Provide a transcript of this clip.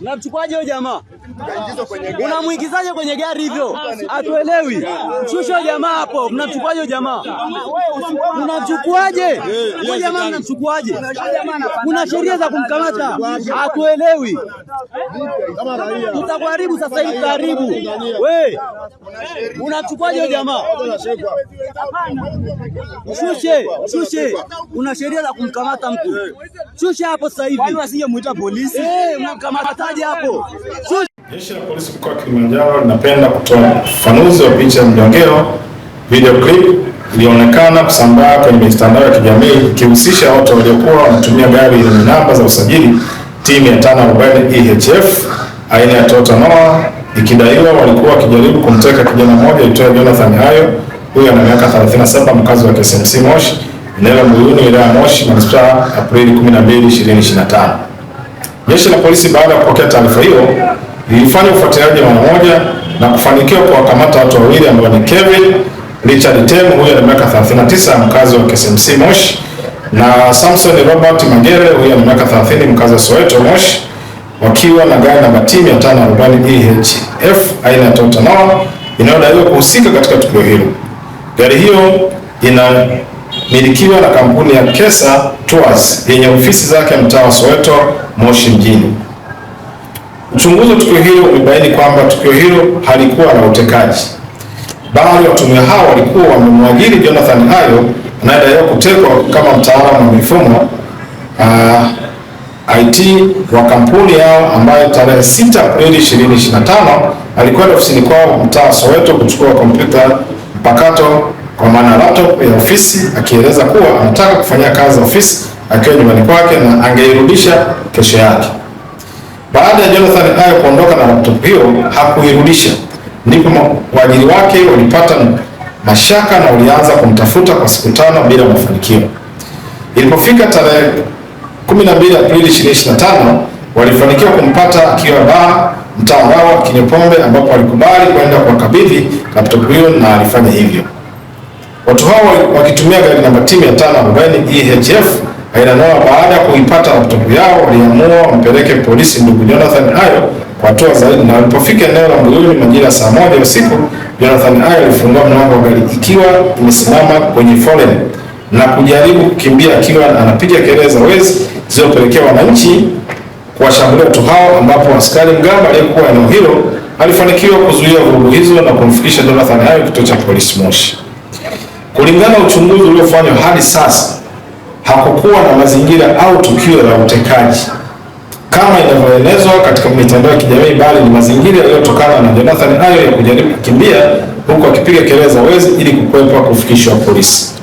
Unamchukuaje huyo jamaa? Unamuingizaje kwenye gari hivyo? Atuelewi. Shusha jamaa hapo. Mnamchukuaje huyo jamaa? Mnamchukuaje? Huyo jamaa mnamchukuaje? Kuna sheria za kumkamata. Atuelewi. Tutakuharibu sasa hivi karibu. Wewe. Unamchukuaje huyo jamaa? Shushe, shushe. Kuna sheria za kumkamata mtu. Shushe hapo sasa hivi. Kwani muita polisi? Eh, mnakamata maji hapo? Jeshi la Polisi Mkoa wa Kilimanjaro linapenda kutoa ufafanuzi wa picha ya mjongeo video clip ilionekana kusambaa kwenye mitandao ya kijamii ikihusisha watu waliokuwa wanatumia gari lenye namba za usajili T 540 EHF aina ya Toyota Noah ikidaiwa walikuwa wakijaribu kumteka kijana mmoja aitwaye Jonathan Hayo, huyo ana miaka 37, mkazi wa KCMC Moshi, eneo la Mbuyuni, wilaya ya Moshi, manispaa Aprili 12, 2025. Jeshi la Polisi baada ya kupokea taarifa hiyo lilifanya ufuatiliaji mara moja na kufanikiwa kuwakamata watu wawili ambao ni Kevin Richard Temu, huyo ana miaka 39, mkazi wa KCMC Moshi, na Samson Robert Magere, huyo ana miaka 30, mkazi wa Soweto Moshi, wakiwa na gari namba T 540 EHF aina ya Toyota Noah inayodaiwa kuhusika katika tukio hilo. Gari hiyo inamilikiwa na kampuni ya Kesa Tours yenye ofisi zake mtaa wa Soweto Moshi mjini. Uchunguzi wa tukio hilo umebaini kwamba tukio hilo halikuwa la utekaji, bali watumia hao walikuwa wamemwajiri Jonathan Ayo anayedaiwa kutekwa kama mtaalamu wa mifumo uh, ah, IT wa kampuni yao ambayo tarehe 6 Aprili 2025 alikwenda ofisini kwao mtaa Soweto kuchukua kompyuta mpakato kwa maana laptop ya ofisi, akieleza kuwa anataka kufanyia kazi ofisi akiwa nyumbani kwake na angeirudisha kesho yake. Baada ya Jonathan Ayo kuondoka na laptop hiyo, hakuirudisha. Ndipo waajiri wake walipata mashaka na walianza kumtafuta kwa siku tano bila mafanikio. Ilipofika tarehe 12 Aprili 2025 walifanikiwa kumpata akiwa baa mtaa wao wa Kinyepombe ambapo walikubali kwenda kwa kabidhi laptop hiyo na alifanya hivyo. Watu hao wakitumia gari namba T540 EHF Aidha nao baada ya kuipata laptop yao waliamua wampeleke polisi ndugu Jonathan Ayo kwa hatua zaidi, na walipofika eneo la Mbuyuni majira saa moja usiku, Jonathan Ayo alifungua mlango wa gari ikiwa imesimama kwenye foleni na kujaribu kukimbia akiwa anapiga kelele za wezi zilizopelekea wananchi kuwashambulia watu hao, ambapo askari mgamba aliyekuwa eneo hilo alifanikiwa kuzuia vurugu hizo na kumfikisha Jonathan Ayo kituo cha polisi Moshi. Kulingana na uchunguzi uliofanywa hadi sasa hakukuwa na mazingira au tukio la utekaji kama inavyoelezwa katika mitandao ya kijamii, bali ni mazingira yaliyotokana na Jonathan Ayo ya kujaribu kukimbia huku akipiga kelele za wezi ili kukwepa kufikishwa polisi.